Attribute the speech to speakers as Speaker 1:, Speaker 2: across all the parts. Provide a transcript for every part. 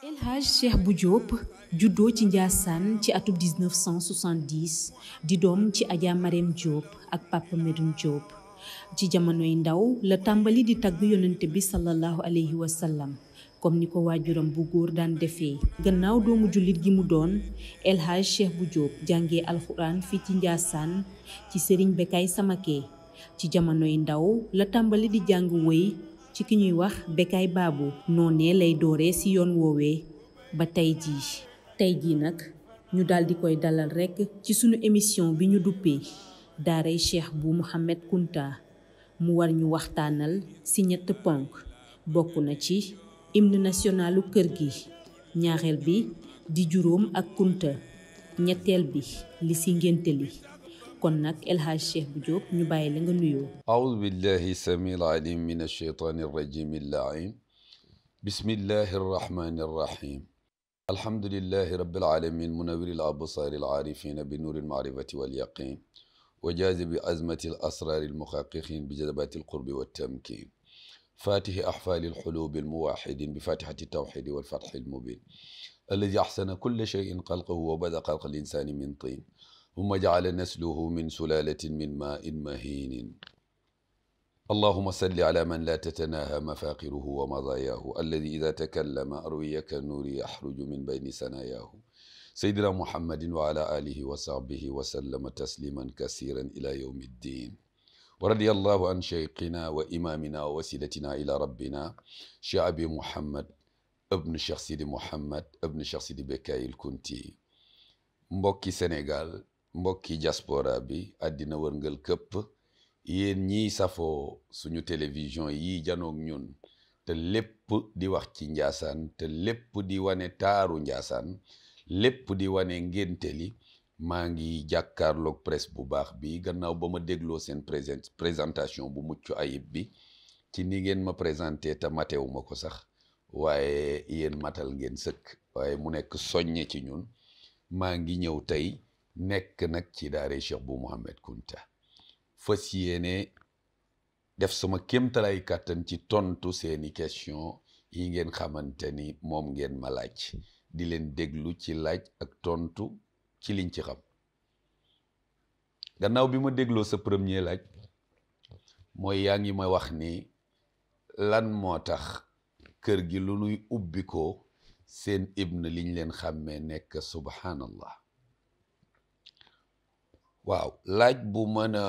Speaker 1: El Hadj Cheikh Bou Diop juddoo ci Ndiassane ci atub 1970 di doom ci Adja Marème Diop ak Papa Medoune Diop ci jamonoy ndaw la tàmbali di tagg yonente bi sallallahu alayhi wa sallam comme ni ko waajuram bu góor daan defee gannaaw doomu jullit gi mu doon El Hadj Cheikh Bou Diop jàngee alxuraan fii ci Ndiassane ci Serigne sama Samake ci jamonoy ndaw la tàmbali di jàng wëy ci ki ñuy wax Bécaye Babou noonee lay dooree ci yoon woowee ba tey jii tey jii nag ñu daldi koy dalal rekk ci suñu émission bi ñu duppee daaray cheikh bu Mouhamed Kunta mu war ñu waxtaanal ci ñett ponk bokk na ci hymne nationalu kër gi ñaareel bi di juróom ak kunta ñetteel bi li si ngénte li kon nag El Hadj Cheikh Bou Diop ñu bàyyi la nga nuyoo aoudu billahi samiil alim min alsheytaani alrajim allaim bismillahi arrahmani arrahim alhamdulillahi rabbil alamin munawwiri al-absaari al-aarifina bi nuuri al-maarifati wal yaqin wa jaazibi azmati al-asraari al-muxaqiqin bi jazabaati al-qurbi wa tamkin faatihi ahfaali al-xuluubi al-muwaaxidin bi faatihati at-tawxiidi wal fatxi al-mubiin alladi axsana kulla shayin xalqahu wa bada xalqa al-insaani min tiin humma jaala nasluhu min sulalatin min maa'in mahiinin allahuma salli ala man la tatanaha mafaqiruhu wa madayaahu alladi ida takallama arwiyaka nuuri yaxruju min bayni sanayaahu sayyidina muhammadin wa ala alihi wa sahbihi wa sallama tasliman kasiran ila yawmi ddin wa radiya allahu an cheikhina wa imaamina wa wasilatina ila rabbina cheikh abi muhammad ibn cheikh sidi muhammad ibn cheikh sidi bekkayi l kunti mbokki sénégal mbokki diaspora bi àddina wërngal këpp yéen ñi safoo suñu télévision yi janoog ñun te lépp di wax ci njaasaan te lépp di wane taaru njaasaan lépp di wane li maa ngi jàkkaarloog presse bu baax bi gannaaw ba ma dégloo seen présent présentation bu mucc ayib bi ci ni ngeen ma présenté te matewu ko sax waaye yéen matal ngeen sëkk waaye mu nekk soññe ci ñun maa ngi ñëw tey nekk nag ci daare Cheikh bu Mouhamed Kunta fas yéene def sama kéemtalaay kàttan ci tontu seeni question yi ngeen xamante ni moom ngeen ma laaj di leen déglu ci laaj ak tontu ci liñ ci xam gannaaw bi ma dégloo sa premier laaj mooy yaa ngi ma wax ni lan moo tax kër gi lu nuy ubbi ko seen ibn liñ leen xàmmee nekk subhanallah waaw laaj bu mën a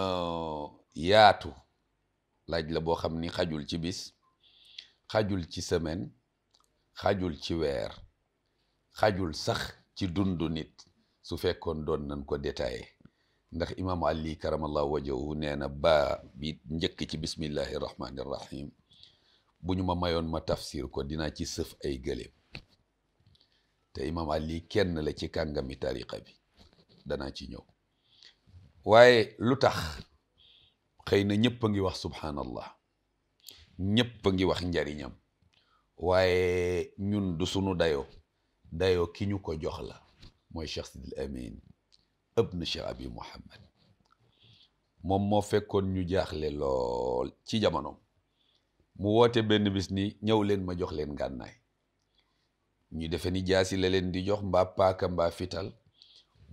Speaker 1: yaatu laaj la boo xam ni xajul ci bis xajul ci semaine xajul ci weer xajul sax ci dundu nit su fekkoon doon nañ ko détaillé ndax imam ali karamallahu wajahu nee na baa bi njëkk ci bismillahi rahmani rahim bu ñu ma mayoon ma tafsir ko dinaa ci sëf ay gëléem te imam ali kenn la ci kàngami tariqa bi danaa ci ñëw waaye lu tax xëy na ñëpp ngi wax subhanallah ñëpp a ngi wax njariñam waaye ñun du sunu dayoo dayoo ki ñu ko jox la mooy Cheikh Sidil Amin ibn Cheikh Abi Muhammad moom moo fekkoon ñu jaaxle lool ci jamono mu woote benn bis ni ñëw leen ma jox leen gànnaay ñu defe ni jaasi la leen di jox mbaa paaka mbaa fital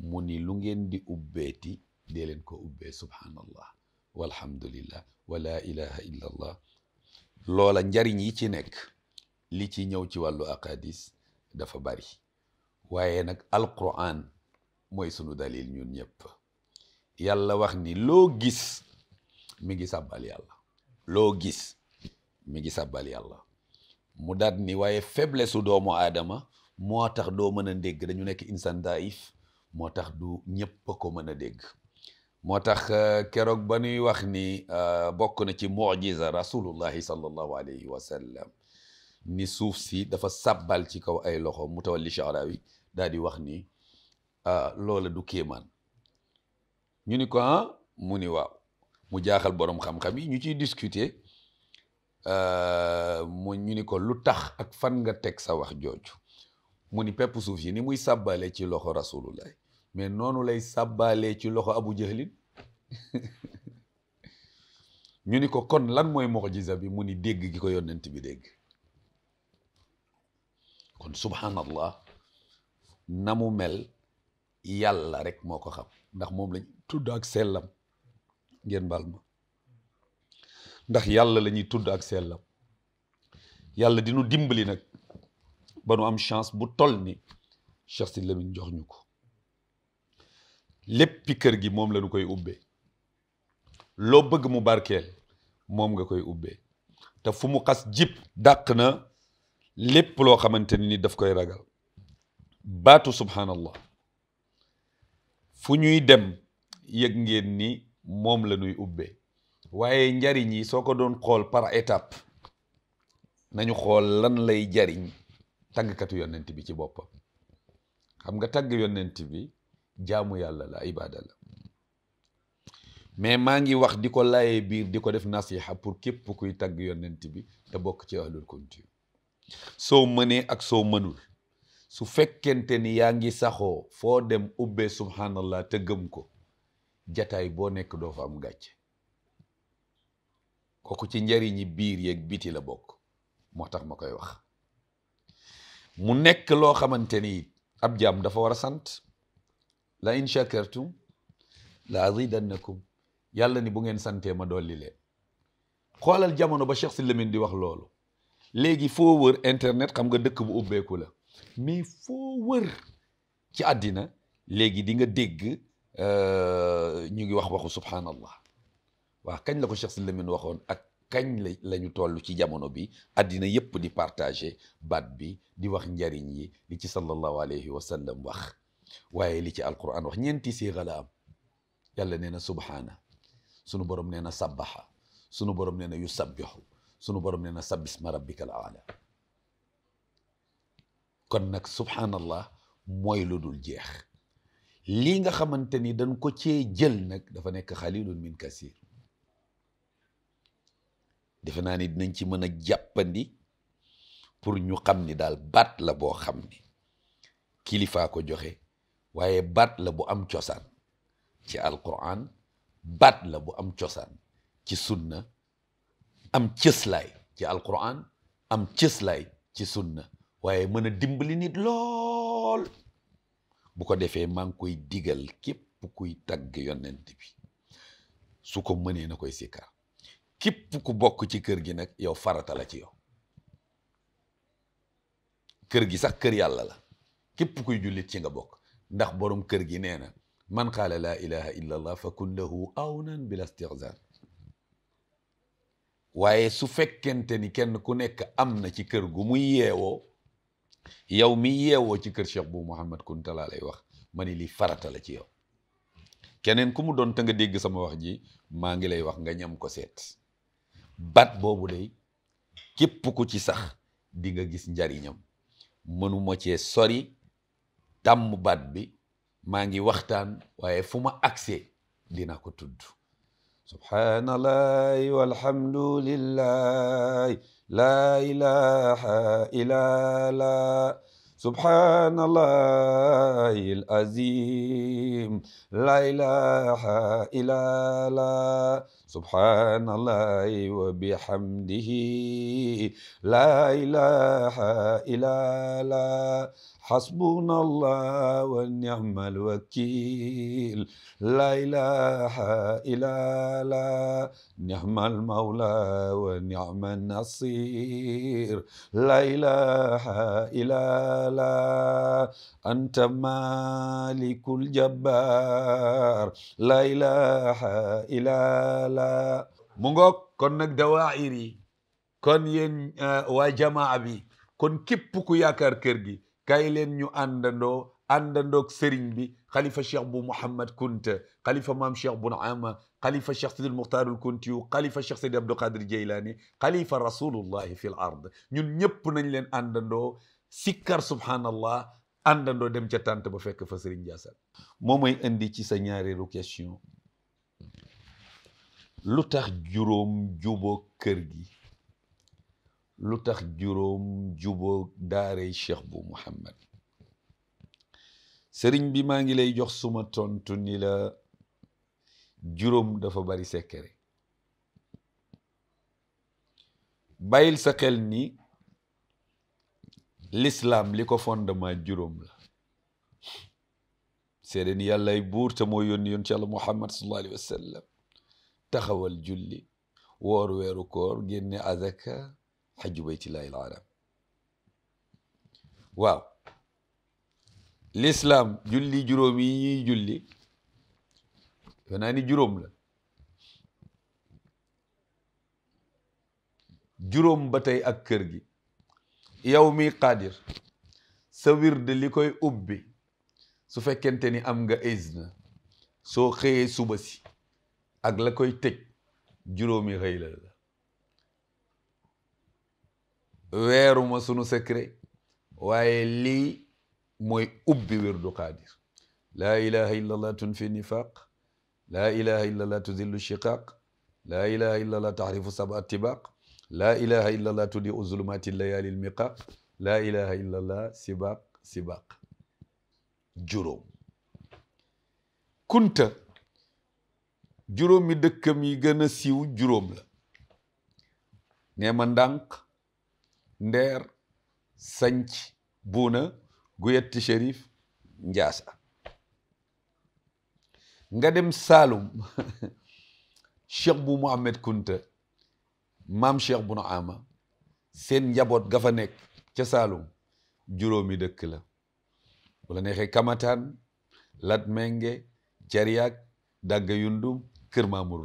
Speaker 1: mu ni lu ngeen di ubbeeti dee leen ko ubbee subhaanallah walhamdulillah wa la ilaha illa loola njariñ yi ci nekk li ci ñëw ci wàllu aqadis dafa bari waaye nag alquran mooy sunu dalil ñun ñëpp yàlla wax ni loo gis mi ngi sàbbal yàlla loo gis mi ngi sàbbal mu daat ni waaye faiblesse doomu aadama moo tax doo mën a dégg dañu nekk insan daif moo tax du ñëpp ko mën a dégg moo tax euh, keroog ba nuy wax ni euh, bokk na ci mujiza rasulullahi sallallahu alayhi wa sallam ni suuf si dafa sabbal ci kaw ay loxo mutawalli Sha'rawi daal di wax ni euh, loola du kéemaan ñu ni ko ah mu ni waaw mu jaaxal borom xam-xam yi ñu ciy discuter mu ñu ni ko lu tax ak fan nga teg sa wax jooju mu ni pepp suuf yi ni muy sabbale ci loxo rasulullahi mais noonu lay sàbbaalee ci loxo abu jahlin ñu ni ko kon lan mooy mucjiza bi mu ni dégg gi ko yonent bi dégg kon subhanallah na mu mel yàlla rek moo ko xam ndax moom lañ tudd ak sellam ngeen baal ma ndax yàlla la ñuy tudd ak sellam yàlla dinu dimbali nag ba nu am chance bu toll ni Cheikh Sidy Lamine jox ñu ko léppi kër gi moom la koy ubbe loo bëgg mu barkel moom nga koy ubbee te fu mu xas jip dàq na lépp loo xamante ni daf koy ragal baatu subhanallah fu ñuy dem yëg ngeen ni moom la ñuy ubbee waaye njariñ yi soo ko doon xool par étape nañu xool lan lay jariñ tàggkatu yonent bi ci boppam xam nga tagg yonent bi jaamu yàlla la ibada la mais maa ngi wax di ko layee biir di ko def nasiha pour képp kuy tagg yonent bi te bokk ci ahlul kunti soo mënee ak soo mënul su fekkente ni yaa ngi saxoo foo dem ubbee subhanallah te gëm ko jataay boo nekk doo fa am gàcce kooku ci njariñi biir yéeg biti la bokk moo tax ma koy wax mu nekk loo xamante ni ab jaam dafa war a sant la in shakartum la azidannakum yàlla ni bu ngeen santee ma dolli leen xoolal jamono ba Cheikh Si Lamin di wax loolu léegi foo wër internet xam nga dëkk bu ubbeeku la mais foo wër ci àddina léegi di nga dégg euh, ñu ngi wax waxu subhanallah waaw kañ la ko Cheikh Si Lamin waxoon ak kañ la lañu toll ci jamono bi àddina yépp di partager baat bi di wax njariñ yi li ci sallallahu alayhi wa sallam wax waaye li ci alquran wax ñeenti siixa la am yàlla nee na subhaana sunu borom nee na sabbaxa sunu borom nee yu yusabbixu sunu borom nee na sabbisma rabbika al aala kon nag subhaanallah mooy lu dul jeex lii nga xamante ni dañ ko cee jël nag dafa nekk xalilun min kasir defe naa ni dinañ ci mën a jàppandi pour ñu xam ni daal baat la boo xam ni kilifaa ko joxe waaye baat la bu am cosaan ci alquran baat la bu am cosaan ci sunna am cëslaay ci alquran am cëslaay ci sunna waaye mën a dimbali nit lool bu ko defee maa ngi koy digal képp kuy tagg yonent bi su ko mënee na koy sikkar képp ku bokk ci kër gi nag yow farata la ci yow kër gi sax kër yàlla la képp kuy jullit ci nga bokk ndax borom kër gi nee na man qaala laa ilaha illa allah fa kun lahu awnan bil istihzan waaye su fekkente ni kenn ku nekk am na ci kër gu mu yeewoo yow mi yeewoo ci kër cheikh bu Mouhamed Kunta laa lay wax ma ni li farata la ci yow keneen ku mu doon te nga dégg sama wax ji maa ngi lay wax nga ñam ko seet baat boobu day képp ku ci sax di nga gis njariñam mënuma cee sori tàmm baat bi maa ngi waxtaan waaye fu ma agsee dina ko tudd subhaanallahi walhamdulillahi laa ilaha illa la subhaanallahi al-azim ilaha subhaanallahi wa bihamdihi laa ilaha illa la hasbunallah wa ni'mal wakil laa ilaha illa la ni'mal mawla wa ni'man nasir laa ilaha illa la anta malikul jabbar laa ilaha illa mu ngoog kon nag dawaayir yi kon yéen euh, waa jamaa bi kon képp ku yaakaar kër gi kaay leen ñu àndandoo àndandoog sëriñ bi xalifa cheikh bu Mouhamed Kunta xalifa maam cheikh bu Naama xalifa cheikh Sidil Muxtaarul Kunti yu xalifa cheikh Sidi Abdul Qadir Jeylaani rasulullahi fil ard ñun ñëpp nañ leen àndandoo sikkar subhanallah àndandoo dem ca tànt ba fekk fa sëriñ Ndiassane moom mooy indi ci sa ñaareelu question lu tax juróom juboo kër gi lu tax juróom juboo daaray cheikh bu muhammad sëriñ bi maa ngi lay jox suma tontu ni la juróom dafa bari sekkere bàyyil sa xel ni l'islam li ko fondement juróom la seede ni yàllay buur te moo yónni yoon ci yàlla muhammad sallallahu alayhi taxawal julli woor weeru koor génne azaka xaju baytillahi alalam waaw l'islam julli juróom julli yoo naa ni juróom la juróom ba tey ak kër gi yow mi qaadir sa wirde li koy ubbi su fekkente ni am nga izna soo xëyee suba si ak la koy tëj juróomi xëy la la weeruma sunu secret waaye lii mooy ubbi wirdu qaadir laa ilaha illa allah tunfi nifaq laa ilaha illa allah tuzillu shiqaq laa ilaha illa allah tahrifu saba tibaq laa ilaha illa allah tudi u zulumati layali lmiqaq laa ilaha illa allah sibaq sibaq juróom kunta juróomi dëkkam yi gën a siiw juróom la nee ma ndànk ndeer sanc buuna guyetti shérif njaasa nga dem saalum cheikh bu Mohamed Kunta maam cheikh bu nu ama seen njaboot gafa fa nekk ca saalum juróomi dëkk la wala neexee kamataan lat menge cariak dagga yundum Kër Mamour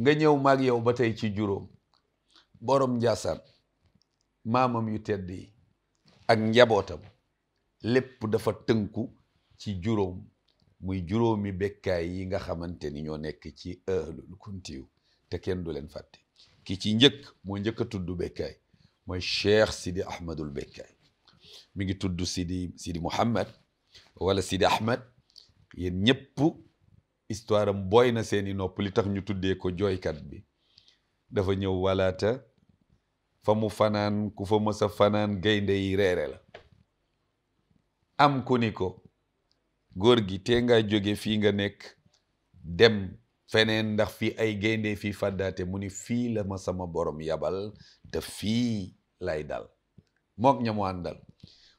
Speaker 1: nga ñëw maag yow ba tey ci juróom borom Njaasaan maamam yu tedd yi ak njabootam lépp dafa tënku ci juróom muy juróomi bekkaay yi nga xamante ni ñoo nekk ci ahlul kuntiyu te kenn du leen fàtte ki ci njëkk moo njëkk a tudd bekkaay mooy cheikh sidi ahmadul mu ngi tudd sidi sidi muhammad wala sidi ahmad yéen ñëpp histoire am booy na seeni nopp li tax ñu tuddee ko jooykat bi dafa ñëw walaata fa mu fanaan ku fa mës fanaan gaynde yi reere la am ku ni ko góor gi tee nga jóge fii nga nekk dem feneen ndax fii ay gaynde fii fàddaate mu ni fii la ma sama borom yabal te fii lay dal mook ñamu àndal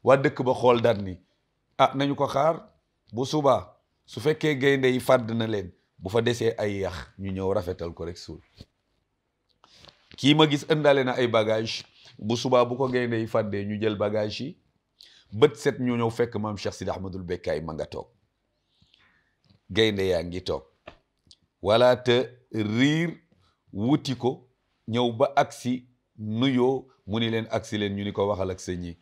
Speaker 1: waa dëkk ba xool daat ni ah nañu ko xaar bu subaa su fekkee gaynde yi fàdd na leen bu fa desee ay yax ñu ñëw rafetal ko rek suul kii ma gis ëndaale na ay bagage bu subaa bu ko gaynde yi fàddee ñu jël bagage yi bët set ñu ñëw fekk maam Cheikh Sidi Ahmadul Bekkaay ma nga toog gaynde yaa ngi toog wala te riir wuti ko ñëw ba agsi nuyoo mu ni leen agsi leen ñu ni ko waxal ak sëñ yi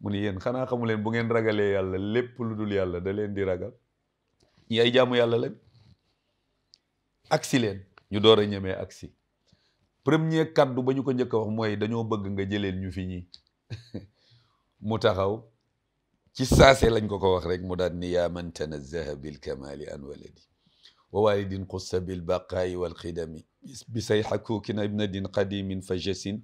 Speaker 1: mu ni yéen xanaa xamu leen bu ngeen ragalee yàlla lépp lu dul yàlla da leen di ragal ñi ay jaamu yàlla lañ agsi leen ñu door a ñemee agsi premier kaddu ba ñu ko njëkk a wax mooy dañoo bëgg nga jëleen ñu fi ñi mu taxaw ci saase lañ ko ko wax rek mu daal ni yaa man tanazzaha bil kamali an waladi wa walidin qussa bil baqaayi wal xidami bi say xakuukin ibnadin qadimin fa jasin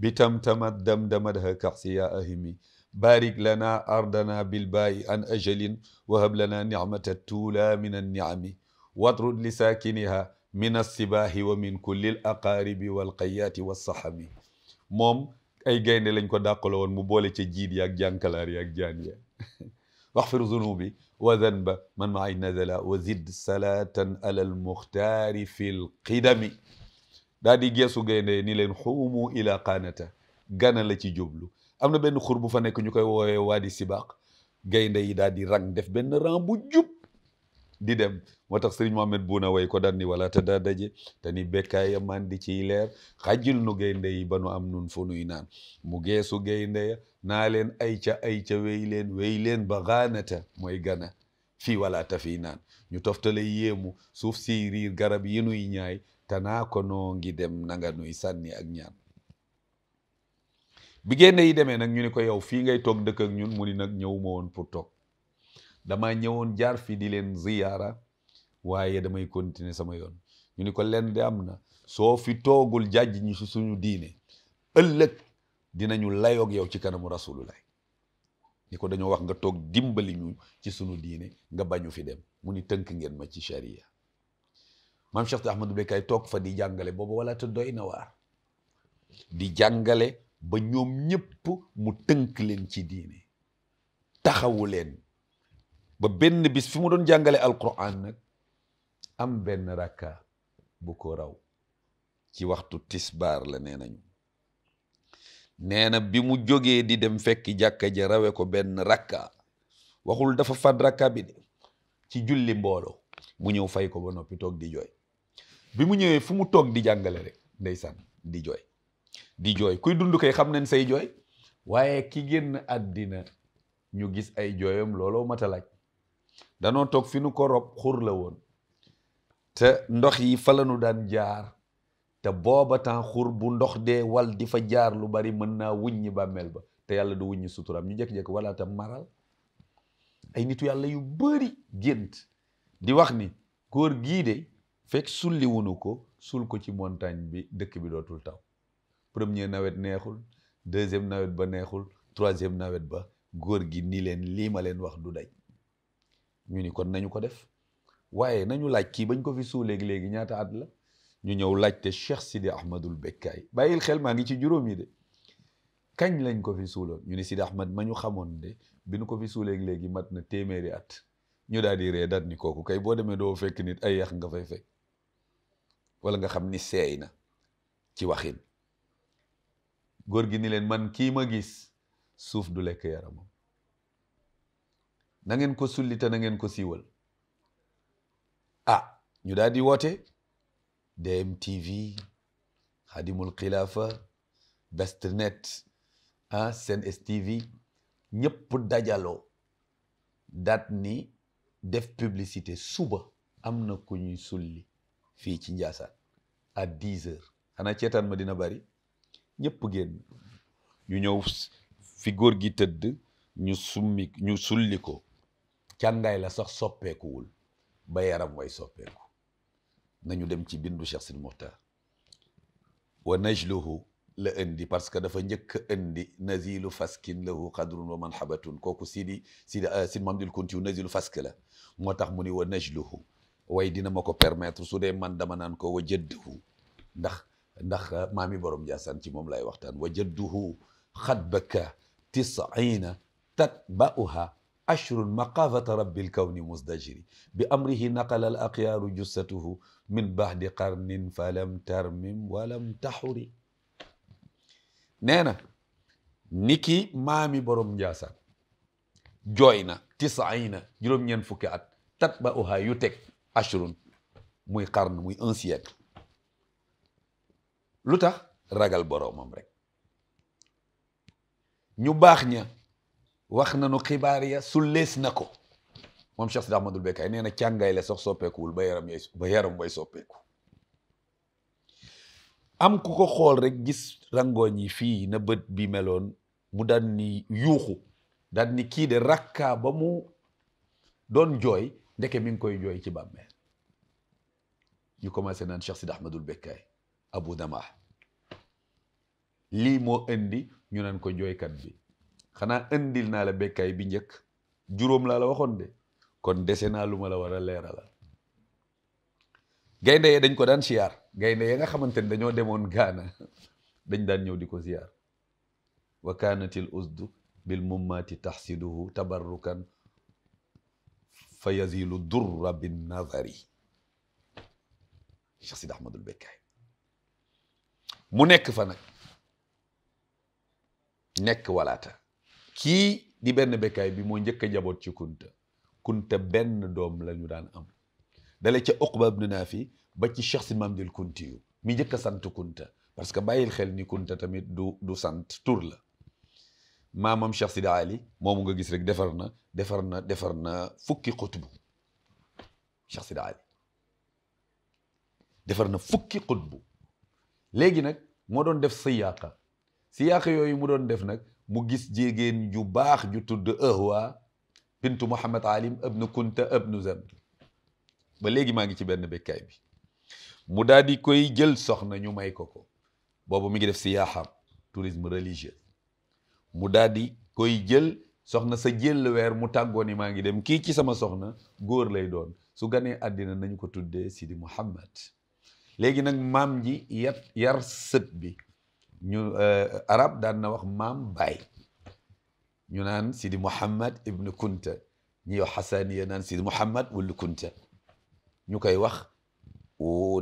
Speaker 1: bi tamtamat damdamadha kaxsi yaa ahimi barik lana ardana bilbaayi an ajalin wahab lana nicmata tuula min annicami watrud li saakiniha min alsibaahi wa min kulli l aqaaribi walqayaati walsaxami moom ay gaynde lañ ko dàqalo woon mu boole ca jiid yaak jànkalaar yaak jaan ya waxfir zunubi wa zanba man maay nazala wa zid salatan ala almuxtaari fi lqidami daa di geesu gaynde ni leen xuumu ila qaanata gana la ci jublu am na benn xur bu fa nekk ñu koy woowee waadi sibaq gaynde yi daal di rang def benn rang bu jub di dem moo tax sëriñ Mohamed Bouna way ko daan wala te daa daje te ni bekkaaya man di ciy leer xajil nu gaynde yi ba nu am nun fu nuy naan mu geesu gaynde ya naa leen ay ca ay ca wéy leen wéy mooy gana fii wala ta fii naan ñu toftale yéemu suuf si riir garab yi nuy ñaay tanaa ko noo ngi dem nanga nuy sànni ak ñaan bi génne yi demee nag ñu ni ko yow fii ngay toog dëkk ak ñun mu ni nag ñëw ma woon pour toog dama ñëwoon jaar fii di leen ziyaara waaye damay continuer sama yoon ñu ni ko lenn de am na soo fi toogul jàjj ñu suñu diine ëllëg dinañu layoog yow ci kanamu rasulullah ni ko dañoo wax nga toog dimbali ñu ci sunu diine nga bañu fi dem mu ni tënk ngeen ma ci sharia maam Cheikh Ahmadou Bekkay toog fa di jàngale booba wala te doy na waa di jàngale ba ñoom ñépp mu tënk leen ci diine taxawu leen ba benn bis fi mu doon jàngale alquran nag am benn rakka bu ko raw ci waxtu tisbaar la nee nañu nee na bi mu jógee di dem fekk jàkka ja rawee ko benn rakka waxul dafa fad rakka bi de ci julli mbooloo mu ñëw fay ko ba noppi toog di jooy bi mu ñëwee fu mu toog di jàngale rek ndeysaan di jooy di jooy kuy dund kay xam nañ say jooy waaye ki génn àddina ñu gis ay jooyam looloo mat laaj danoo toog fi nu ko rob xur la woon te ndox yi fa la nu daan jaar te booba temps xur bu ndox dee wal di fa jaar lu bari mën naa wuññi bàmmeel ba te yàlla du wuññi suturaam ñu jékki-jékki wala tam maral ay nitu yàlla yu bari gént di wax ni góor gii de fekk sulli ko suul ko ci montagne bi dëkk bi dootul taw premier nawet neexul deuxième nawet ba neexul troisième nawet ba góor gi nii leen lii ma leen wax du day ñu ni kon nañu ko def waaye nañu laaj kii bañ ko fi suuleek léegi ñaata at la ñu ñëw laajte Cheikh Sidi Ahmadul Bekkaay bàyyil xel maa ngi ci juróom yi de kañ lañ ko fi suuloon ñu ni Sidi Ahmad ma ñu xamoon de bi nu ko fi suuleek léegi mat na téeméeri at ñu daal di ree daat ni kooku kay boo demee doo fekk nit ay yax nga fay fekk wala nga xam ni seey na ci waxin góor gi ni leen man kii ma gis suuf du lekk yaramam na ko sulli te na ngeen ko siiwal a ah, ñu daal di woote DMTV Xadimul Xilaafa Bestnet ah Sen STV ñëpp dajaloo daat ni def publicité suba am na ku ñuy sulli fii ci Njaasaan à dix heures xanaa ceetaan ma dina bari ñëpp génn ñu ñëw fi góor gi tëdd ñu summi ñu sulli ko càngaay la sax soppeekuwul ba yaram way soppeeku nañu dem ci bindu Cheikh Sidi Muxtaar wa najluhu la indi parce que dafa njëkk a indi nazilu faskin lahu qadrun wa manhabatun kooku sidi sidi euh, sidi Mamdul Kuntiyu nazilu fask la moo tax mu ni wa najluhu way dina ma ko permettre su dee man dama naan ko wa jëdduhu ndax ndax eh, maami borom jaasaan ci moom lay waxtaan wajadduhu xadbaka tisina tatba'uha ashrun maqaafata rabbil kawni musdajiri bi amrihi naqala al aqyaaru jussatuhu min baxdi qarnin falam tarmim walam taxuri nee na niki maami borom njaasaan jooy na tisaina juróom-ñeent fukki at tatba'uha yu teg ashrun muy qarn muy un siècle lu tax ragal boroomam rek ñu baax ña wax na nu xibaar ya su lees na ko moom Cheikh Sidi Ahmadul Bekkaay nee na càngaay la sax soppeekuwul ba yaram yay ba yaram way soppeeku am ku ko xool rek gis rangooñ yi fii na bët bi meloon mu daan ni yuuxu daan ni kii de rakkaa ba mu doon jooy ndeke mi ngi koy jooy ci bàmmeel ñu commencé naan Cheikh Sidi Ahmadul Bekkaay Abu Dama lii moo indi ñu naan ko jooykat bi xanaa indil naa la bekkaay bi njëkk juróom laa la waxoon de kon dese naa lu ma la war a leerala gaynde yee dañ ko daan siyaar gaynde ya nga xamante ne dañoo demoon gaana dañ daan ñëw di ko siyaar wa kaanatil usdu bil mummaati taxsiduhu tabarrukan fa yazilu durra bin nazari Cheikh Sidi Ahmadul Bekkaay mu nekk fa nag nekk walaata kii di benn bekkaay bi moo njëkk a jaboot ci kunta kunta benn doom la ñu daan am dale ca Uqba ibn Naafi ba ci Cheikh si Mamdil Kunti yu mi njëkk a sant kunta parce que bàyyil xel ni kunta tamit du du sant tur la maamam Cheikh Sidi Ali moomu nga gis rek defar na defar na defar na fukki xutbu Cheikh Sidi Ali defar na fukki xutbu léegi nag moo doon def siyaaka siyaaq yooyu mu doon def nag mu gis jigéen ju baax ju tudd ahwa bintu Muhammad Alim ibnu Kunta ibnu Zamd ba léegi maa ngi ci benn bekkaay bi mu daal koy jël soxna ñu may ko ko booba mu ngi def siyaaxam tourisme religieux mu daal koy jël soxna sa jël weer mu tàggoo ni maa ngi dem kii ci sama soxna góor lay doon su ganee àddina nañu ko tuddee Sidi Muhammad léegi nag maam ji yar yar sët bi ñu euh, arab daan na wax maam baay ñu naan Sidi Mouhammad ibn Kunta ñi wax Xasaaniya naan Sidi Mouhammad wul Kunta ñu koy wax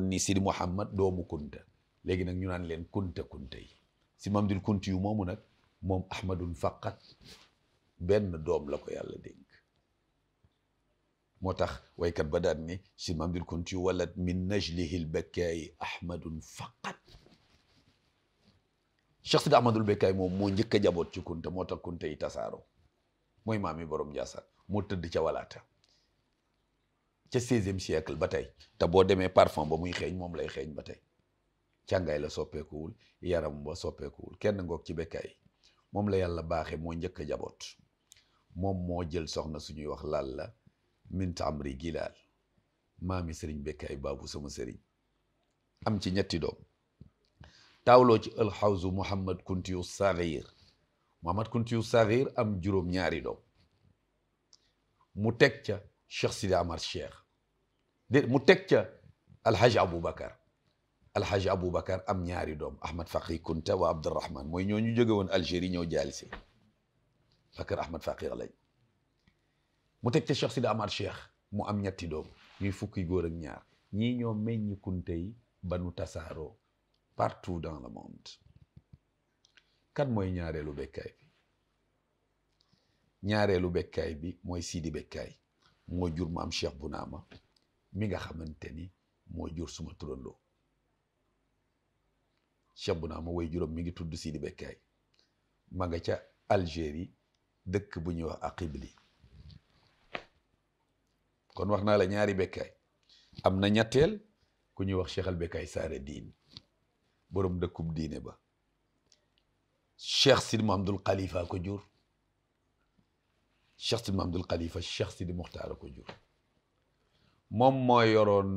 Speaker 1: ni Sidi Mouhammad doomu Kunta léegi nag ñu naan leen Kunta Kunta yi si Mamdul Kunti yu moomu nag moom Ahmadun faqat benn doom la ko yàlla dénk moo tax waykat ba daan ni si Mamdul Kunti yu walat min najlihi lbakkaayi Ahmadun faqat Cheikh Sidi Ahmadul Bekkaay moom moo njëkk a jaboot ci kunta moo tax kunta yi tasaaroo mooy maam maami borom Ndiassane moo tëdd ca walaata ca 16e ba tey te boo demee parfum ba muy xeeñ moom lay xeeñ ba tey càngaay la soppeekuwul yaram ba soppeekuwul kenn ngoog ci bekkaay moom la yàlla baaxee moo njëkk a jaboot moom moo jël soxna ñuy wax laal la mint amri gilaal maami sëriñ bekkaay baabu sama sëriñ am ci ñetti doom taawloo ci alxawsu Mouhamad Kuntiyu Saxiir Mouhamad Kuntiyu Saxiir am juróom-ñaari doom mu teg ca Cheikh Sidi Amar Cheikh dé mu teg ca Alhaji Aboubacar Alhaji Aboubacar am ñaari doom Ahmad Faqi Kunta wa Abdurrahman mooy ñoo ñu jóge woon Algérie ñëw jaalise Bakar Ahmad Faqi lañ mu teg ca Cheikh Sidi Amar Cheikh mu am ñetti doom ñuy fukki góor ak ñaar ñii ñoo meññ kunte yi ba nu tasaaroo. partout dans le monde kan mooy ñaareelu bekkaay bi ñaareelu bekkaay bi mooy siidi bekkaay moo jur am Cheikh Bounama mi nga xamante ni moo jur suma turandoo Cheikh Bounama woy juróom mi ngi tudd siidi bekkaay ma nga ca Algérie dëkk bu ñuy wax Aqibli kon wax naa la ñaari bekkaay am na ñetteel ku ñuy wax Cheikh al Bekkaay Saare Diin borom dëkkub diine ba cheikh sidi mahamadul xalifa ko jur cheikh sidi mahamadul xalifa cheikh sidi muxtaar ko jur moom moo yoroon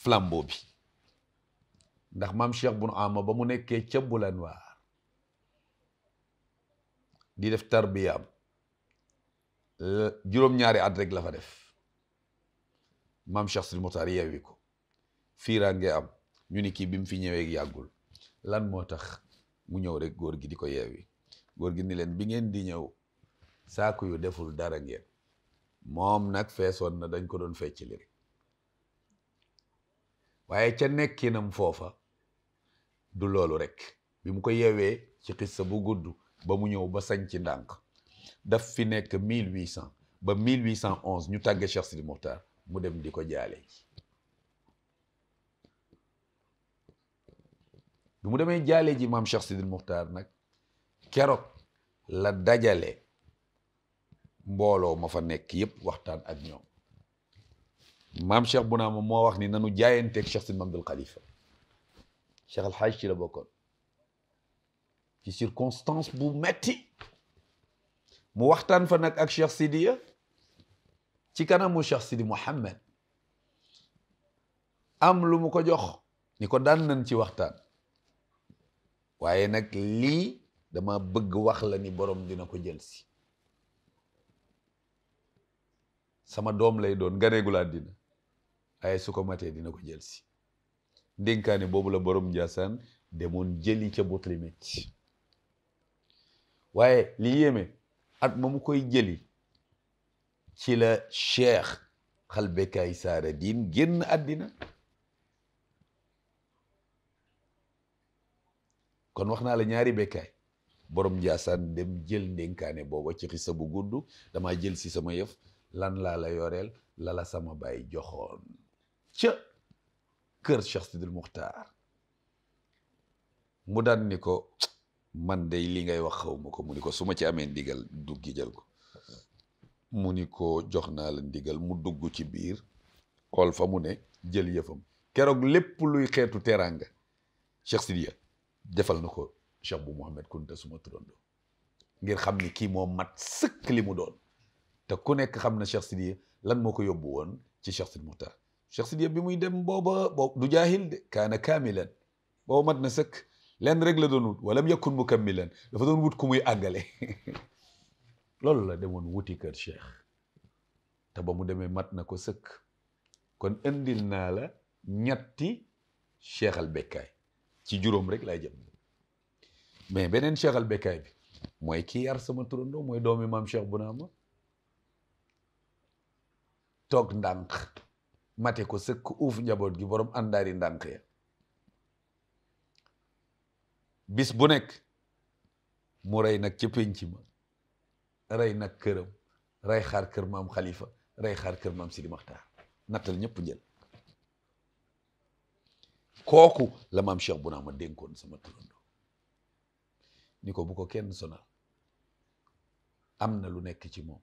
Speaker 1: flambeau ndax mam cheikh bunu ama ba mu nekkee ca Bulanwaar di def tarbiyaam juróom-ñaari at rek la fa def maam cheikh sidi muxtaar yeewi ko fiiraa nge am ñu ni kii bi mu fi ñëwee yàggul lan moo tax mu ñëw rek góor gi di ko yeewi góor gi ni leen bi ngeen di ñëw saaku yu deful dara ngeen moom nag feesoon na dañ ko doon feccili rek waaye ca nekkinam foofa du loolu rek bi mu ko yeewee ci xissa bu gudd ba mu ñëw ba sañ ci ndànk daf fi nekk 1800 ba 1811 ñu tàgge Cheikh Sidi Mokhtar mu dem di ko jaale bi mu demee jaale ji maam Cheikh Sidil Muxtaar nag keroog la dajale mbooloo ma fa nekk yëpp waxtaan ak ñoom maam bu naa Bunaama moo wax ni nanu jaayanteeg Cheikh Sidil Mamdul Xalifa Cheikh Al Hadj ci la bokkoon ci circonstance bu metti mu waxtaan fa nag ak Cheikh Sidiya ci kanamu Cheikh Sidi Mouhamed am lu mu ko jox ni ko daan nañ ci waxtaan. waaye nag lii dama bëgg wax la ni borom dina ko jël si sama doom lay doon ganeegul àddina waaye su ko matee dina ko jël si ndénkaane boobu la borom Ndiassane demoon jëli ca Boutilimit waaye li yéeme at ma mu koy jëli ci la Cheikh Xalbekaay Saara Diin génn àddina kon wax naa la ñaari bekkaay boroom Ndiassane dem jël ndénkaane booba ci sa bu gudd damaa jël si sama yëf lan laa la yoreel lala sama baay joxoon ca kër Cheikh Sidil Muxtaar mu daan ni ko man dey li ngay wax xaw ma ko mu ni ko su ma ci amee ndigal duggi jël ko mu ni ko jox naa la ndigal mu dugg ci biir xool fa mu ne jël yëfam keroog lépp luy xeetu teraanga Cheikh Sidiya defal na ko Cheikh bu Mouhamed Kunta suma turando ngir xam ni kii moo mat sëkk li mu doon te ku nekk xam na Cheikh Sidiye lan moo ko yóbbu woon ci Cheikh Sidi Muxtar bi muy dem booba boobu du jaahil de kaana kaamilan booba mat na sëkk lenn rek la doon wut walam yakun mukammilan dafa doon wut ku muy àggale loolu la demoon wuti kër Cheikh te ba mu demee mat na ko sëkk kon andil naa la ñetti Cheikh al Bekkaay ci juróom rek lay jëm mais beneen Cheikh al bi mooy ki yar sama turandoo mooy doom doomi maam Cheikh Bounama toog ndànk mate ko sëkk uuf njaboot gi boroom àndaari ndànk ya bis bu nekk mu rey nag ca penc ma rey nag këram rey xaar kër maam Khalifa rey xaar kër maam Sidi Maxtaar nattal ñëpp jël kooku la maam Cheikh bu naa ma dénkoon sama turando ni ko bu ko kenn sonal am na lu nekk ci moom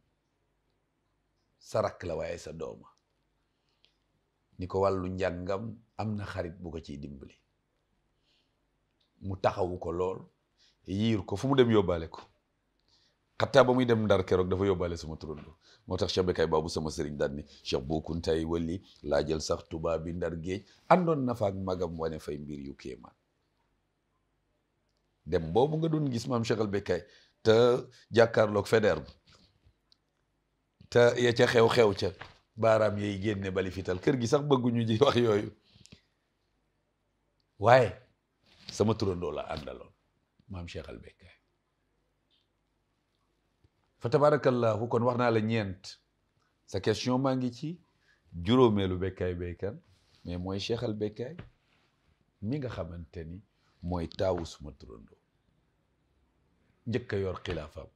Speaker 1: sa rakk la waaye sa dooma ni ko wàllu njàngam am na xarit bu ko ciy dimbali mu taxawu ko lool yiir ko fu mu dem yóbbaale ko xattaa ba muy dem ndar keroog dafa yóbbaale sama turando moo tax Cheikh Bekay Babu sama sëriñ daal ni Cheikh Bokun tay wali laa jël sax Tuubaa bi ndar géej àndoon na fa magam wane fay mbir yu kéemaan dem boobu nga doon gis maam Cheikh al Bekay te jàkkaarloog Faidherbe te ya ca xew-xew ca baaraam yay génne bali fital kër gi sax bëgguñu ji wax yooyu waaye sama turandoo la àndaloon maam Cheikh al Bekay fa tabarakallahu kon wax naa la ñeent sa question maa ngi ci juróomeelu bekkaay beykan mais mooy cheikhal bekkaay mi nga xamante ni mooy taawu suma turandoo njëkk a yor xilaafaam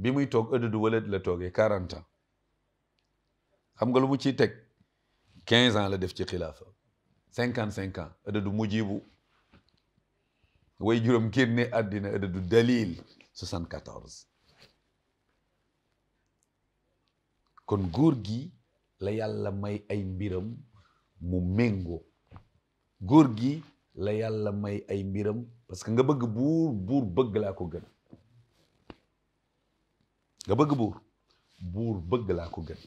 Speaker 1: bi muy toog ëddudu wala la toogee quarante ans xam nga lu mu ciy teg quinze ans la def ci xilaafaam cinquante cinq ans ëddudu mujibu way juróom génne àddina ëddudu dalil soixante kon góor gi la yàlla may ay mbiram mu méngoo góor gi la yàlla may ay mbiram parce que nga bëgg buur buur bëgg laa ko gën bëgg buur buur bëgg laa ko gën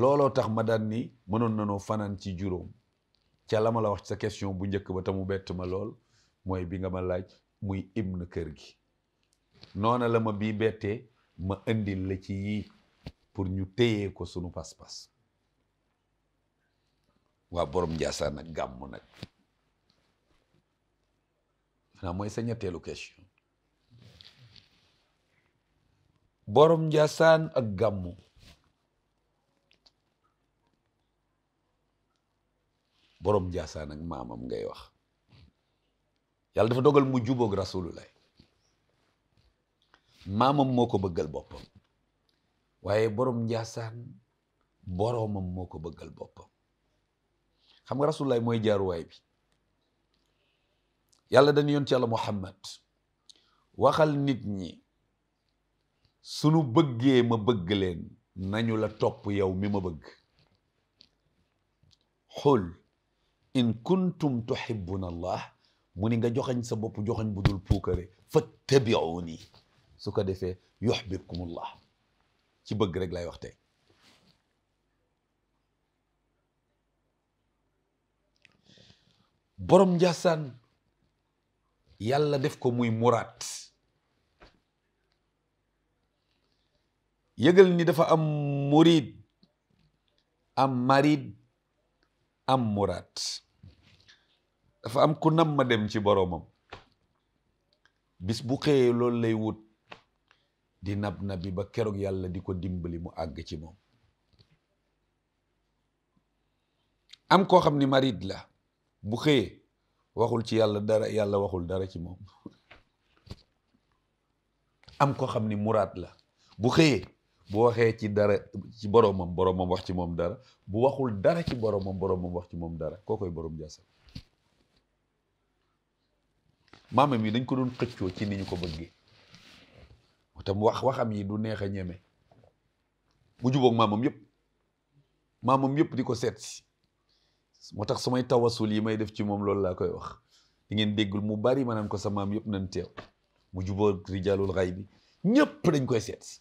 Speaker 1: looloo tax ma daan ni mënoon na noo fanaan ci juróom ca la ma la wax sa question bu njëkk ba tamu bett ma lool mooy bi nga ma laaj muy ibn kër gi noona la ma bii bettee ma indil la ci yii pour ñu téyee ko sunu pas-pas waa borom Ndiassane nag gàmm nag xanaa mooy sa ñetteelu question borom Ndiassane ak gàmmu borom Ndiassane ak maamam ngay wax yàlla dafa dogal mu jubóog rasulullah maamam moo ko bëggal boppam waaye borom njaasaan boromam moo ko bëggal boppam xam nga rasulullah mooy jaaruwaay bi yàlla dañu yoon ci yàlla muhammad waxal nit ñi sunu bëggee ma bëgg leen nañu la topp yow mi ma bëgg xul in kuntum tuhibbuna allah mu ni nga joxañ sa bopp joxañ bu dul puukare fattabiuni su ko defee yuhbibkumullah ci bëgg rekk lay waxte tey borom njaasaan yàlla def ko muy muraat yëgal ni dafa am murid am marid am muraat dafa am ku nam ma dem ci boromam bis bu xëyee loolu lay wut di nab nabi ba keroog yàlla di ko dimbali mu àgg ci moom am koo xam ni marit la bu xëyee waxul ci yàlla dara yàlla waxul dara ci moom am koo xam ni muraad la bu xëyee bu waxee ci dara ci boromam boromam wax ci moom dara bu waxul dara ci boromam boromam wax ci moom dara kookoy borom jaasal maamam yi dañ ko doon xëccoo ci ni ñu ko bëggee te mu wax waxam yi du neex a ñeme bu jubóog maamam yëpp maamam yëpp di ko seet si moo tax sumay tawasul yi may def ci moom loolu laa koy wax di ngeen déggul mu bari ma naan ko sa maam yëpp nañ teew mu jubóog rijaalul xay bi ñëpp dañ koy seet si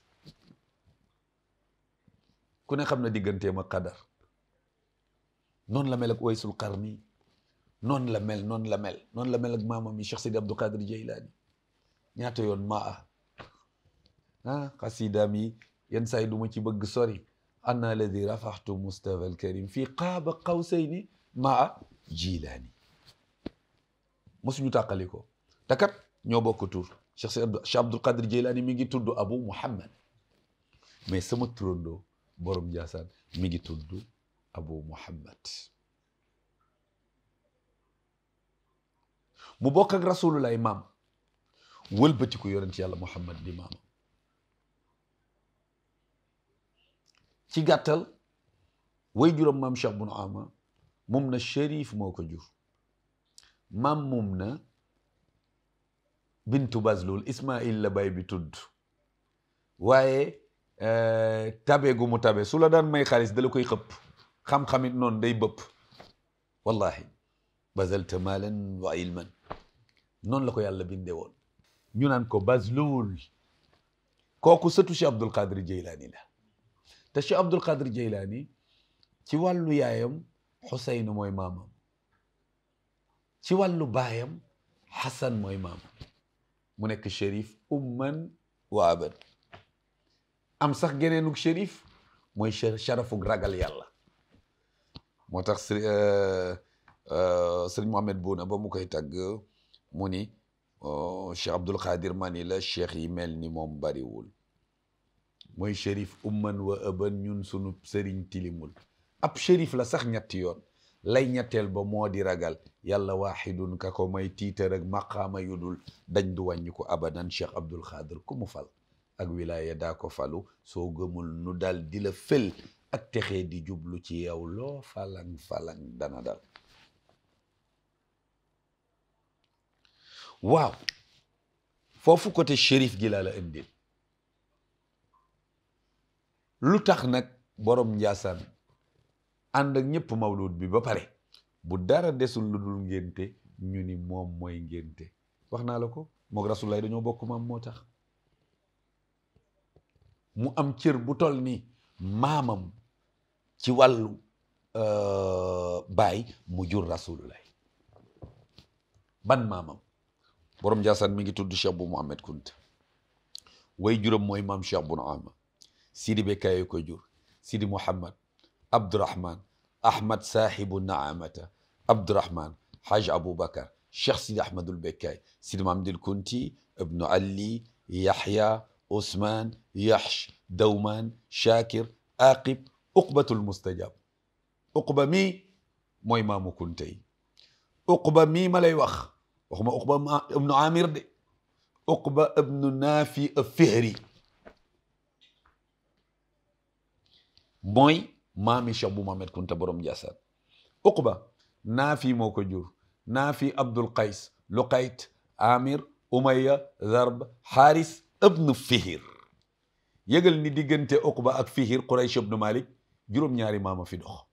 Speaker 1: ku ne xam na digganteem ak xadar noonu la mel ak waysul qarni noonu la mel noonu la mel noonu la mel ak maamam yi Cheikh Sidi Abdou Qadir Jeylaani ñaata yoon maa ah xasidaam yi yenn saa du ma ci bëgg sori ana alladi rafaxtu mustafa alkarim fii qaaba qawsayni maa jilaani mosuñu tàqali ko te ñoo bokk tur cheikh abdul qadir jilaani mi ngi tudd abu muhammad mais sama turandoo borom njaasaan mi ngi tudd abu muhammad mu bokk ak rasulullah maam wëlbatiku yonent yàlla muhammad di maama ci gàttal way juram maam Cheikh bunu ama mum na Chérif moo ko jur maam mum na bintu Bazlul Ismail la bay bi tudd waaye euh, tabe gu mu tabe su la daan may xaalis da la koy xëpp xam-xamit noonu day bëpp wallahi bazalta maalan wa ilman noonu la ko yàlla bindee woon ñu naan ko Bazlul kooku sëtu Cheikh Abdul Qadir Jeylaani la te Cheikh Abdul Qadir Jeylaani ci wàllu yaayam Xuseyn mooy maamam ci wàllu baayam Xasan mooy maamam mu nekk shérif umman wa aban am sax geneenug shérif mooy sharafug ragal yàlla moo tax sëriñ euh, euh, sëriñ Mohamed Bouna ba mu koy tàgg mu ni oh, Cheikh Abdul Qadir ma ni la cheikh yi mel ni moom bariwul mooy shérif umman wa ëban ñun sunu sëriñ tilimul ab shérif la sax ñetti yoon lay ñetteel ba moo di ragal yàlla waaxidun ka ko may tiitar ak maqaama yu dul dañ du wàññi ko abadan cheikh abdul xaadir ku fal ak wilaya daa ko falu soo gëmul nu dal di la fël ak texe di jublu ci yow loo falang falang dana dal waaw foofu côté shérif gi laa la indil lu tax nag borom njaasaan ànd ak ñëpp bi ba pare bu dara desul lu dul ngénte ñu ni moom mooy ngénte wax naa la ko moog rasulullahi dañoo bokk maam moo tax mu am cër bu tol ni maamam ci wàllu euh, baay mu jur rasulullahi ban maamam borom njaasaan mi ngi tudd cheikh bu Mouhamed Kunta way juróom mooy maam cheikh bu Naama Sidi Bekkayo ko jur Sidi Mouhammad Abdourahman Ahmad Sahibu Naamata Abdourahman Haj Aboubacar Cheikh Sidi Ahmadul Bekkay Sidi Mamdil Kunti Ibnu Ali Yahya Ousmane Yahsh Dawman Shakir Aqib Uqbatul Mustajab Uqba mi mooy maamu Kunte yi Uqba mi ma lay wax waxuma Uqba ibnu Amir de Uqba ibnu Nafi Fihri mooy maami Cheikh bu Mohamed Kunta borom Jaasaan Uqba Naafi moo ko jur Naafi Abdul Qays Luqayt Amir Umayya Zarb Haris ibn Fihir yëgal ni diggante Uqba ak Fihir Quraysh ibn Malik juróom-ñaari maama fi dox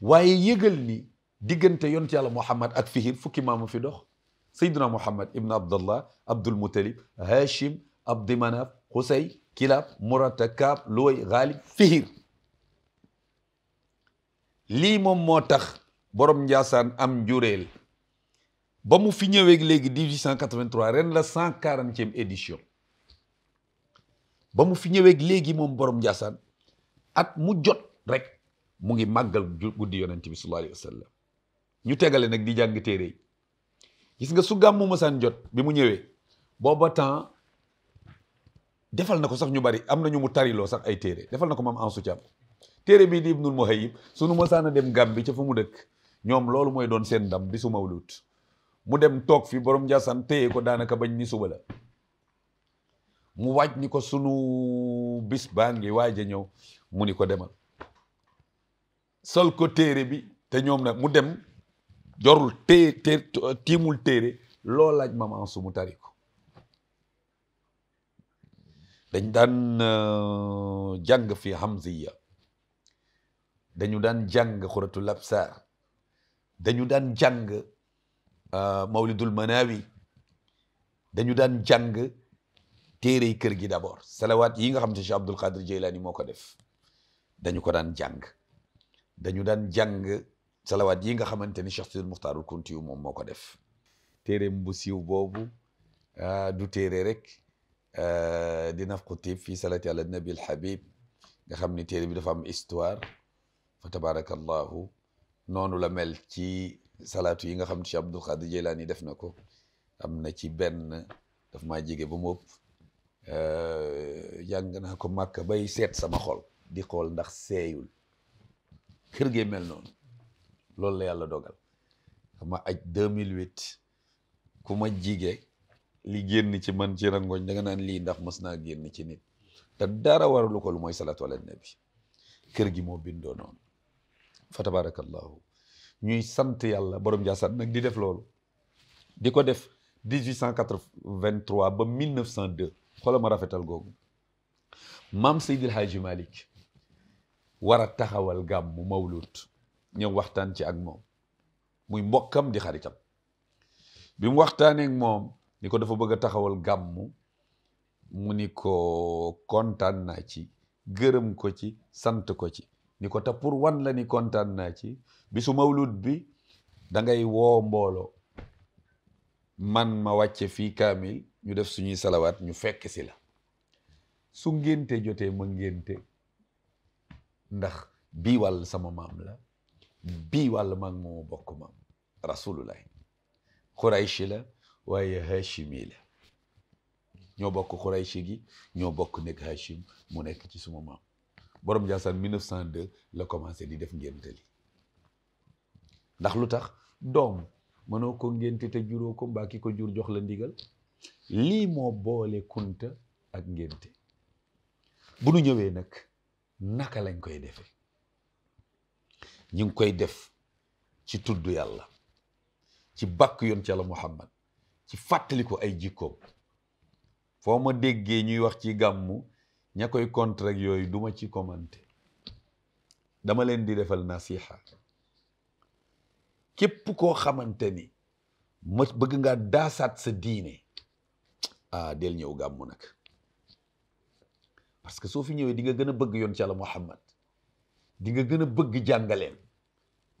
Speaker 1: waaye yëgal ni diggante yonent yàlla Muhammad ak Fihir fukki maama fi dox Sayyiduna Muhammad ibn Abdallah Abdul Muttalib Hashim Abdi Manaf Xusay kilab muratakab luway xaalib fihir lii moom moo tax borom njasaan am njureel ba mu fi ñëwee léegi 1883 ren la 140e édition ba mu fi ñëweek léegi moom borom njaasaan at mu jot rek mu ngi màggal guddi yonent bi sallallahu alayhi ñu tegale nag di jàng téere gis nga su gàmmu masaan jot bi mu ñëwee booba temps defal na ko sax ñu bari am na ñu mu tariloo sax ay téere defal na ko maam Ansu Thiam téere bii di Ibnul Muhayyib sunu mosaan a dem bi ca fu mu dëkk ñoom loolu mooy doon seen ndam bisu su mawlut mu dem toog fii borom Njaasaan téye ko daanaka bañ ni suba la mu waaj ni ko sunu bis baa ngi waaj a ñëw mu ni ko demal sol ko téere bi te ñoom nag mu dem jorul té té tiimul téere loo laaj maam Ansu mu tari ko dañ daan euh, jàng fi hamziya dañu daan jàng xuratul absar dañu daan jàng euh, mawlidul manawi dañu daan jang téere yi kër gi d'abord salawaat yi nga xam ne Cheikh Abdul Qadir Jeylaani moo ko def dañu ko daan jàng dañu daan jàng salawaat yi nga xamante ni Cheikh Sidil Muxtaarul Kunti yu moom moo ko def téere bu siiw boobu euh, du téere rek Euh, di naf ku tiib fii salati ala nabi al nga xam ni téere bi dafa am histoire fa tabarakallahu noonu la mel ci salaatu yi nga xam ne ci Abdul Qadir Jeylaani def na ko am na ci benn daf ma jige ba mu ëpp euh, jàng naa ko màkk bay seet sama xol di xool ndax seeyul kër gee mel noonu loolu la yàlla dogal xam nga ku ma jige li génn ci man ci rangoñ da nga naan lii ndax mës naa génn ci nit te dara waralu ko lu mooy salaatu ala nabi kër gi moo bindoo noonu fa tabarakallahu ñuy sant yàlla borom jaasaan nag di def loolu di ko def 1883 ba 1902 xoola ma rafetal googu maam Seydil Hadji Malick war a taxawal gàmmu mawlud ñëw waxtaan ci ak moom muy mbokkam di xaritam bi mu moom ni ko dafa bëgg taxawal gàmmu mu ni ko kontaan naa ci gërëm ko ci sant ko ci ni ko ta pour wan la ni kontaan naa ci bi bisu mawlud bi da ngay woo mbooloo man ma wàcce fii kaamil ñu def suñuy salawaat ñu fekk si la su ngénte jotee ma ngénte ndax bii wàll sama maam la bii wàll maa ngi moo bokk maam rasulullahi Qurayshi la waaye Hachimi la ñoo bokk Quraysh gi ñoo bokk nekk Hachim mu nekk ci suma maam borom Ndiassane 1902 la commencé di def ngénte li ndax lu tax doom mënoo ko ngénte te juróo ko mbaa ki ko jur jox la ndigal lii moo boole kunta ak ngénte bu nu ñëwee nag naka lañ koy defee ñu ngi koy def ci tudd yàlla ci bàkk yoon ci la Muhammad ci fàttali ko ay jikkoom foo ma déggee ñuy wax ci gàmmu ña koy contre yooyu duma ci commenté dama leen di defal nasiha képp koo xamante ni ma bëgg nga daasaat sa diine ah del ñëw gàmmu nag parce que soo fi ñëwee di nga gën a bëgg yoon ci Yàlla Muhammad di nga gën a bëgg jàngaleen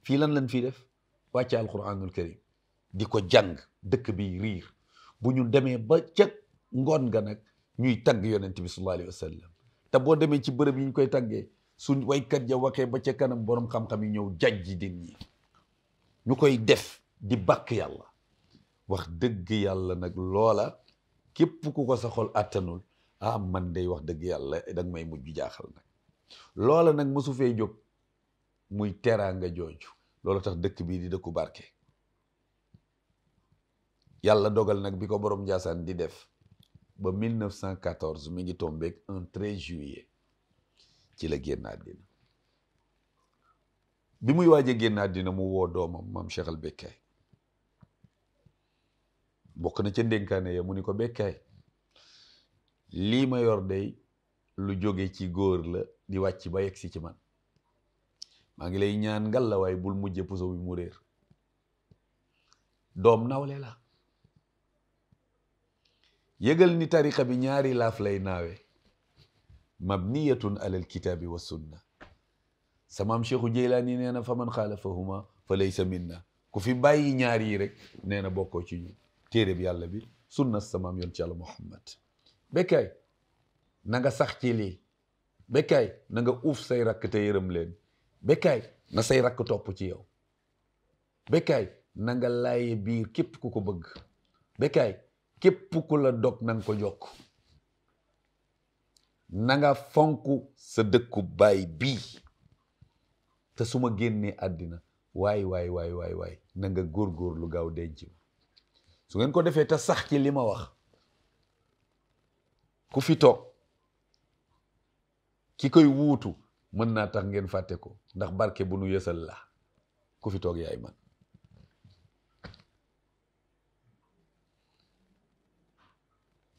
Speaker 1: fii lan lan fii def wàcce alquranul karim di ko jàng dëkk bi riir bu ñu demee ba ca ngoon nga nag ñuy tagg yonent bi sallallahu alayhi wa sallam te boo demee ci bërëb yi ñu koy taggee suñ waykat ja waxee ba ca kanam borom xam-xam yi ñëw jajji din ñi ñu koy def di bàkk yàlla wax dëgg yàlla nag loola képp ku ko sa xol attanul ah man day wax dëgg yàlla danga may mujj jaaxal nag loola nag mosu fee jóg muy teraanga jooju loolu tax dëkk bii di dëkku barke yàlla dogal nag bi ko boroom Ndiassane di def ba 1914 mi ngi tombeeg un juillet ci la génn àddina bi muy waaj a génn àddina mu woo doomam maam Cheikh Bekkaay bokk na ca ndénkaane ya mu ni ko Bekkaay lii ma yor day lu jóge ci góor la di wàcc ba yegg si ci man maa ngi lay ñaan ngal la waaye bul mujje puso bi mu réer doom nawle la yëgal ni tariqa bi ñaari laaf lay naawe mabniyatun alal kitaabi wa sunna samaam cheikhu jeylaani nee na fa man xaalafahuma fa laysa minna ku fi bàyyi ñaar yi rek nee na bokkoo ci ñu téere bi yàlla bi sunna samaam yoon ci yàlla muhammad bekkaay na sax ci li bekkaay na nga uuf say rakk te yërëm leen bekkaay na say rakk topp ci yow bekkaay na nga laaye biir képp ku ko bëgg bekkaay képp ku la dog na ko jokk na nga fonk sa dëkku baay bii te su ma génnee àddina waay waay waay waay waay na nga lu gaaw denc su ngeen ko defee te sax ci li ma wax ku fi toog ki koy wuutu mën naa tax ngeen fàtte ko ndax barke bu nu yësal la ku fi toog yaay man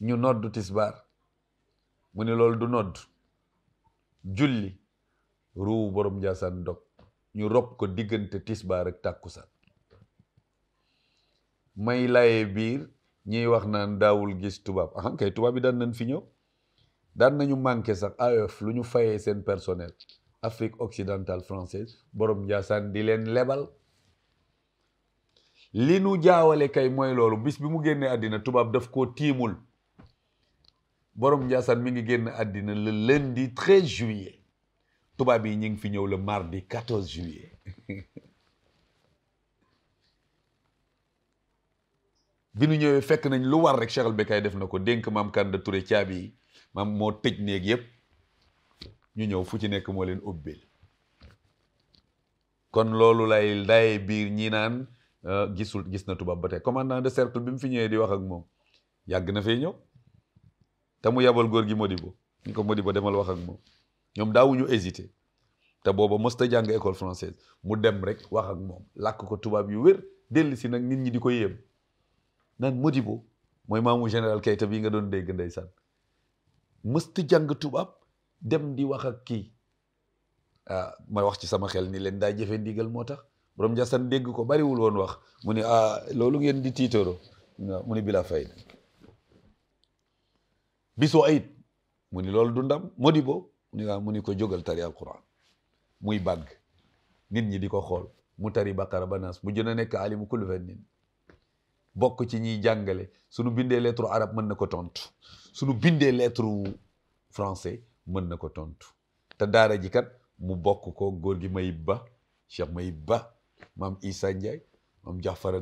Speaker 1: ñu noddu tisbaar mu ni loolu du nodd julli ruu borom njaasaan dog ñu rob ko diggante tisbaar ak tàkkusaan may laye biir ñiy wax naan daawul gis tubaab ahan kay tubaab yi daan nañ fi ñëw daan nañu manqué sax AOF e lu ñu fayee seen personnel Afrique occidentale française borom njaasaan di leen lebal li nu jaawale kay mooy loolu bis bi mu génnee àddina tubaab daf ko tiimul borom Ndiassane mi ngi génn àddina le di 13 juillet tubaab yi ñu ngi fi ñëw le mardi 14 juillet bi nu ñëwee fekk nañ lu war rek Cheikh al Bekkay def na ko dénk maam Kanda Touré caabi yi maam moo tëj néeg yëpp ñu ñëw fu ci nekk moo leen ubbi kon loolu lay daye biir ñi naan euh, gisul gis na tubaab ba tey commandant de cercle bi mu fi ñëwee di wax ak moom yàgg na fee ñëw. te mu yebal góor gi Modibo ñu ko Modibo demal wax ak moom ñoom daawuñu hésité te booba mosta ta jàng école française mu dem rek wax ak moom lakk ko tubaab yu wér dellu si nag nit ñi di ko yem naan Modibo mooy maamu général Keita bii nga doon dégg ndeysaan mës ta jàng tubaab dem di wax ak kii ah may wax ci sama xel ni leen daa jëfe ndigal moo tax borom Ndiassane dégg ko bariwul woon wax mu ni ah loolu ngeen di tiitooro mu ni bila fayda bisoo ayit mu ni loolu du ndam Modibo mu ni waaw mu ni ko jogal tari alquran muy bàgg nit ñi di ko xool mu tari baqara ba naas mu jën a nekk alimu kulli fannin bokk ci ñiy jàngale sunu bindee lettre arab mën na ko tontu suñu bindee lettre français mën na ko tontu te daara ji kat mu bokk ko góor gi may ba Cheikh may ba maam Issa Ndiaye maam Jaafara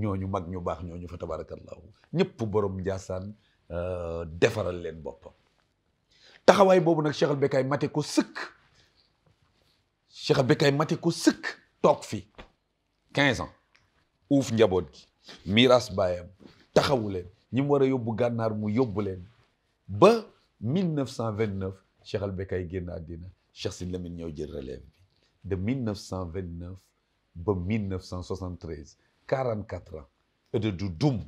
Speaker 1: ñoo ñu mag ñu baax ñoo ñooñu fa tabarakallahu ñëpp borom Njaasaan Euh, defaral leen boppam taxawaay boobu nag Cheikh Bekay mate ko sëkk Cheikh Bekay mate ko sëkk toog fi quinze ans uuf njaboot gi miiras baayam taxawu leen ñi mu war a yóbbu gànnaar mu yóbbu leen ba 1929 Cheikh Bekay génn àddina Cheikh Sine Lamine ñëw jël relève bi de 1929 ba 1973 44 ans et de du dum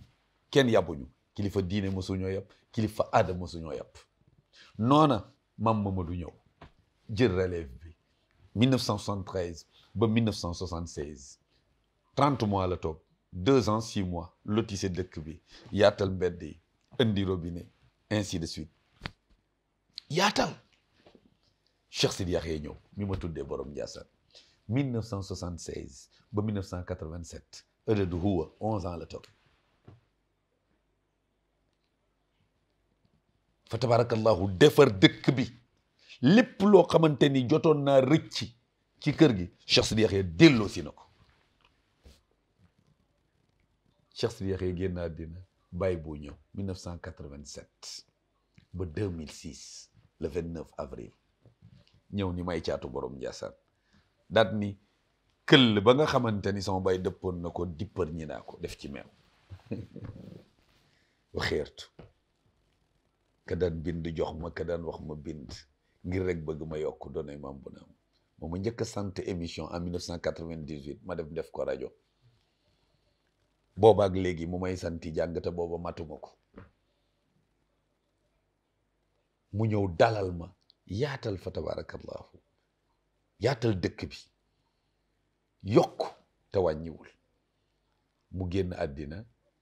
Speaker 1: kenn yàbbuñu kilifa diine mosuñoo yàpp kilifa aada mosuñoo yàpp noona maam Mamadou ñëw jël relève bi 1973 ba 1976 30 mois la toog 2 ans 6 mois lotissé dëkk bi yaatal mbedd yi indi robinet ainsi de suite yaatal Cheikh Sidi Yaxya ñëw mi ma tuddee borom Ndiassane 1976 ba 1987 heure de huwa 11 ans la toog. fa tabarakallahu defar dëkk bi lépp loo xamante ni jotoon naa rëcc ci kër gi Cheikh Sidi Yaxya delloo si na ko Cheikh Sidi Yaxya génn àddina bàyyi boo ñëw 1987 ba 2006 le 29 avril ñëw ni may caatu borom Ndiassane daat ni këll ba nga xamante ni sama bay dëppoon na ko dippar ñi naa ko def ci meew waxeertu ka daan bind jox ma ka daan wax ma bind ngir rek bëgg ma yokk doonay maam bu naam moom ma njëkk a sant émission en 1998 ma def def ko rajo boobaak léegi mu may santi jàng te booba matuma ko mu ñëw dalal ma yaatal fa tabaarakallaahu yaatal dëkk bi yokk te wàññiwul mu génn àddina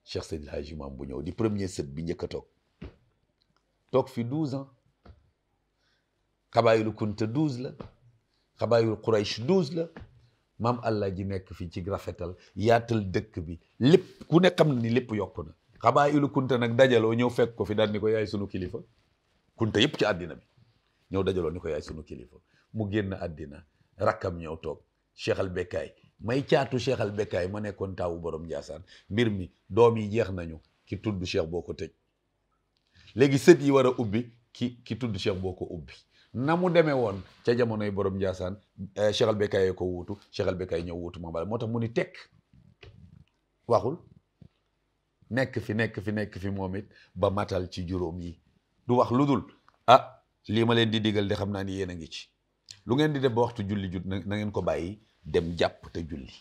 Speaker 1: Cheikh Seydil Hadji Maam bu ñëw di premier sët bi njëkk toog toog fi douze ans xabaayul kunta douze la xabaayul quraysh douze la maam allah ji nekk fii ci rafetal yaatal dëkk bi lépp ku ne xam na ni lépp yokk na xabaayilu kunta nag dajaloo ñëw fekk ko fi daal ni ko yaay sunu kilifa kunta yëpp ci àddina bi ñëw dajaloo ni ko yaay sunu kilifa mu génn àddina rakkam ñëw toog cheikh bekkaay may caatu cheikh bekkaay ma nekkoon taawu borom njaasaan mbir mi doom yi jeex nañu ki tudd cheikh boo ko tëj léegi sët yi war a ubbi ki ki tudd cheikh boo ko ubbi na mu demee woon ca jamonoy borom Ndiassane eh, Cheikh al ko wuutu Cheikh al ñëw wuutu Mame Balla moo mu ni tekk waxul nekk fi nekk fi nekk fi moom it ba matal ci juróom yi du wax lu dul ah, lii ma leen di digal de xam naa ni yéen a ngi ci lu ngeen di def waxtu julli jut na ngeen ko bàyyi dem jàpp te julli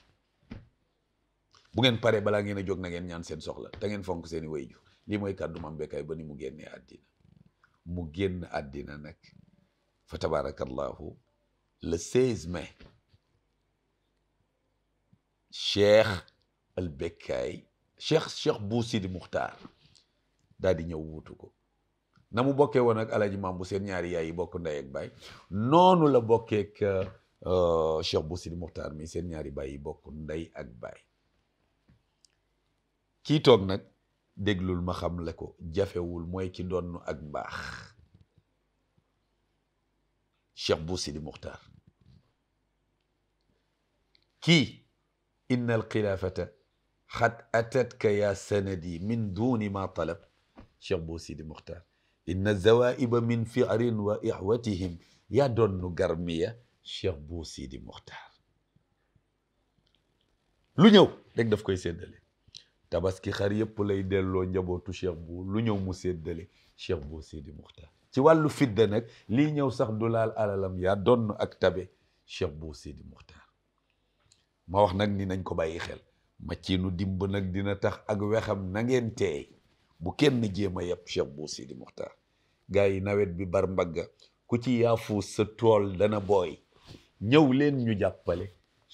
Speaker 1: bu ngeen paree balaa ngeen a jóg na ngeen seen soxla te ngeen fonk seeni i wayju lii mooy kàddu Mame Becaye ba ni mu génnee àddina mu génn àddina nag fa tabarakallahu le 16 mai cheikh al Becaye cheikh cheikh Bou Sidi Muxtaar daal di ñëw wuutu ko na mu bokkee woon ak alaji maam bu seen ñaari yaay yi bokk ndey ak baay noonu la bokkeek euh, cheikh Bou Sidi Muxtaar mi seen ñaari bai yi bokk ndey ak baay kii toog nag déglul ma xam le ko jafewul mooy ki doon ak baax Cheikh Bou Sidi Muxtaar kii inna alxilaafata xat atatka ya sanadi min duni ma talab Cheikh Bou Sidi Muxtaar inna zawaiba min firin wa ixwatihim yaa doonnu garmiya Cheikh Bou Sidi Muxtaar lu ñëw rek daf koy séddale tabaski xar yëpp lay delloo njabootu cheikh bu lu ñëw mu séddale cheikh bu Sidi Muxtaar ci wàllu fidda nag lii ñëw sax du laal alalam yaa donn ak tabe cheikh bu Sidi Muxtaar ma wax nag ni nañ ko bàyyi xel ma ciinu dimb nag dina tax ak weexam na ngeen teey bu kenn jéem a yab cheikh bu Sidi yi nawet bi bar mbagga ku ci yaafuus sa tool dana booy ñëw leen ñu jàppale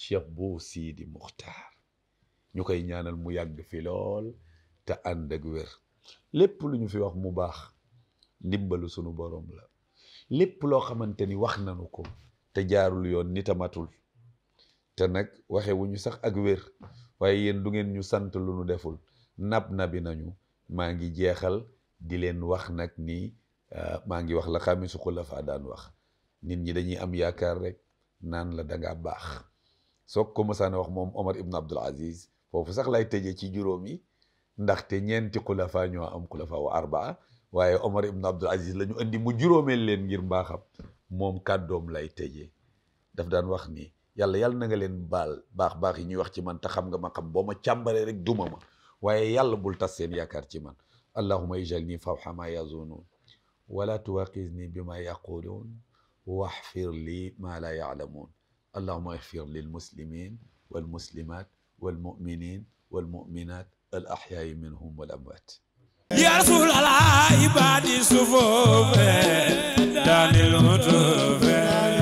Speaker 1: cheikh bu Sidi Muxtaar ñu koy ñaanal mu yàgg fi lool te ànd ak wér lépp lu ñu fi wax mu baax ndimbalu sunu boroom la lépp loo xamante ni wax nanu ko te jaarul yoon nitamatul te nag waxe ñu sax ak wér waaye yéen du ngeen ñu sant lu nu deful nab nabi nañu maa ngi jeexal di leen wax nag ni euh, maa ngi wax la la xulafaa daan wax nit ñi dañuy am yaakaar rek naan la da ngaa baax soo ko mësaan wax moom Omar ibn Abdul foofu sax lay tëjee ci juróom yi ndaxte ñeenti xulafa ñoo am xulafa wa arbaa waaye Omar ibn Abdul Aziz la ñu andi mu juróomeel leen ngir mbaaxam moom kàddoom lay tëjee daf daan wax ni yàlla yàlla na nga leen baal baax baax yi ñuy wax ci man te xam nga ma xam boo ma càmbaree rek duma ma waaye yàlla bul tas seen yaakaar ci man allahuma ijalni fawxa ma yazunuun wala tuwaqisni bi ma yaquluun waxfir li ma la yaalamuun allahuma ixfir lil muslimin wal muslimat والمؤمنين والمؤمنات الأحياء منهم والأموات
Speaker 2: يا رسول الله عبادي صفوف
Speaker 1: دان الهتوف